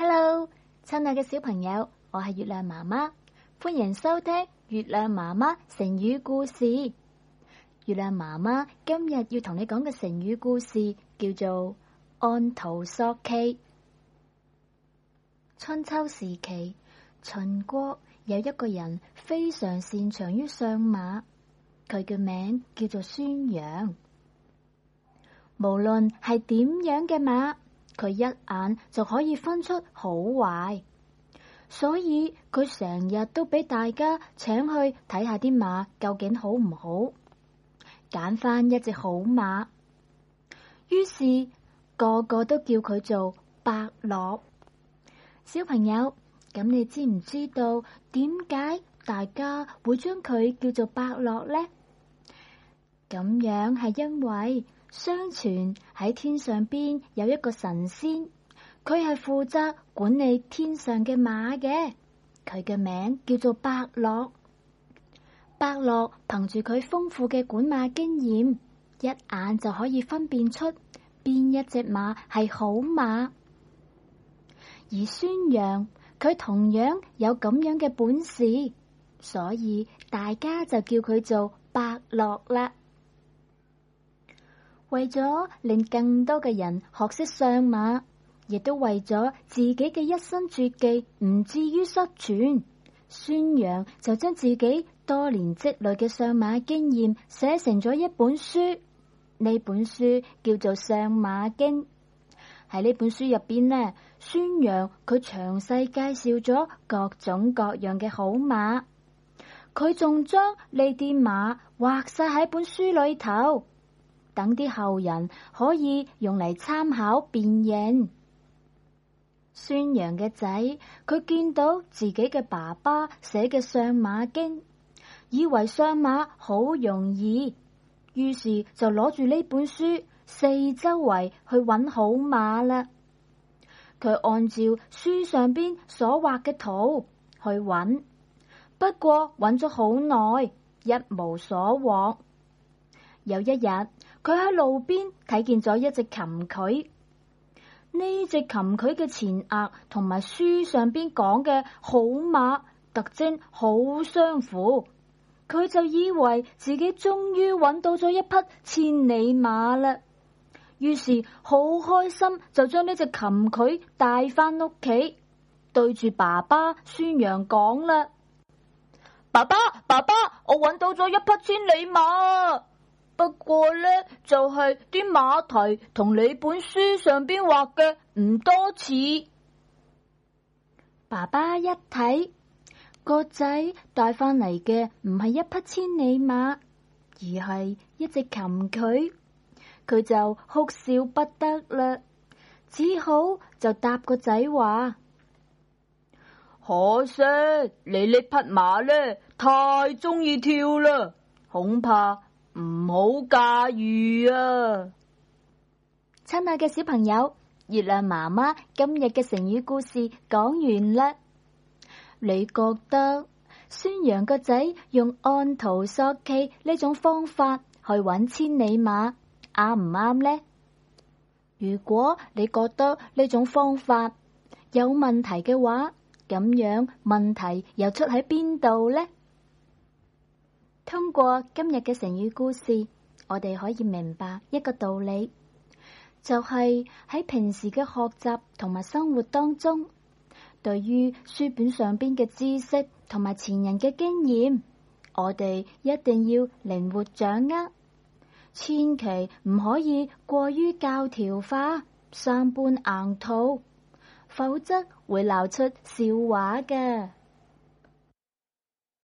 Hello，親愛嘅小朋友，我係月亮媽媽，歡迎收聽月亮媽媽成語故事。月亮媽媽今日要同你講嘅成語故事叫做按圖索驥。春秋時期，秦國有一個人非常擅長於上馬，佢嘅名叫做孫陽。無論係點樣嘅馬。佢一眼就可以分出好壞，所以佢成日都俾大家請去睇下啲馬究竟好唔好，揀翻一隻好馬。於是個個都叫佢做伯樂。小朋友，咁你知唔知道點解大家會將佢叫做伯樂咧？咁樣係因為。相傳喺天上邊有一個神仙，佢係負責管理天上嘅馬嘅，佢嘅名叫做伯樂。伯樂憑住佢豐富嘅管馬經驗，一眼就可以分辨出邊一隻馬係好馬。而孫陽佢同樣有咁樣嘅本事，所以大家就叫佢做伯樂啦。為咗令更多嘅人學識相馬，亦都為咗自己嘅一身絕技唔至於失傳，孫陽就將自己多年積累嘅相馬經驗寫成咗一本書。呢本書叫做《相馬經》。喺呢本書入邊呢，孫陽佢詳細介紹咗各種各樣嘅好馬，佢仲將呢啲馬畫晒喺本書裏頭。等啲後人可以用嚟參考辨認。孫陽嘅仔，佢見到自己嘅爸爸寫嘅相馬經，以為相馬好容易，於是就攞住呢本書四周圍去揾好馬啦。佢按照書上邊所畫嘅圖去揾，不過揾咗好耐，一無所獲。有一日。佢喺路邊睇見咗一隻蠄蟝，呢隻蠄蟝嘅前額同埋書上邊講嘅好馬特徵好相符，佢就以為自己終於揾到咗一匹千里馬啦。於是好開心就將呢隻蠄蟝帶翻屋企，對住爸爸宣揚講啦：爸爸，爸爸，我揾到咗一匹千里馬。不過呢，就係啲馬蹄同你本書上邊畫嘅唔多似。爸爸一睇個仔帶翻嚟嘅唔係一匹千里馬，而係一隻蠄蟝，佢就哭笑不得嘞。只好就答個仔話：可惜你呢匹馬呢，太中意跳啦，恐怕。唔好駕馭啊！親愛嘅小朋友，月亮媽媽今日嘅成語故事講完啦。你覺得孫楊個仔用按圖索驥呢種方法去揾千里馬啱唔啱呢？如果你覺得呢種方法有問題嘅話，咁樣問題又出喺邊度呢？通過今日嘅成語故事，我哋可以明白一個道理，就係、是、喺平時嘅學習同埋生活當中，對於書本上邊嘅知識同埋前人嘅經驗，我哋一定要靈活掌握，千祈唔可以過於教條化、生搬硬套，否則會鬧出笑話嘅。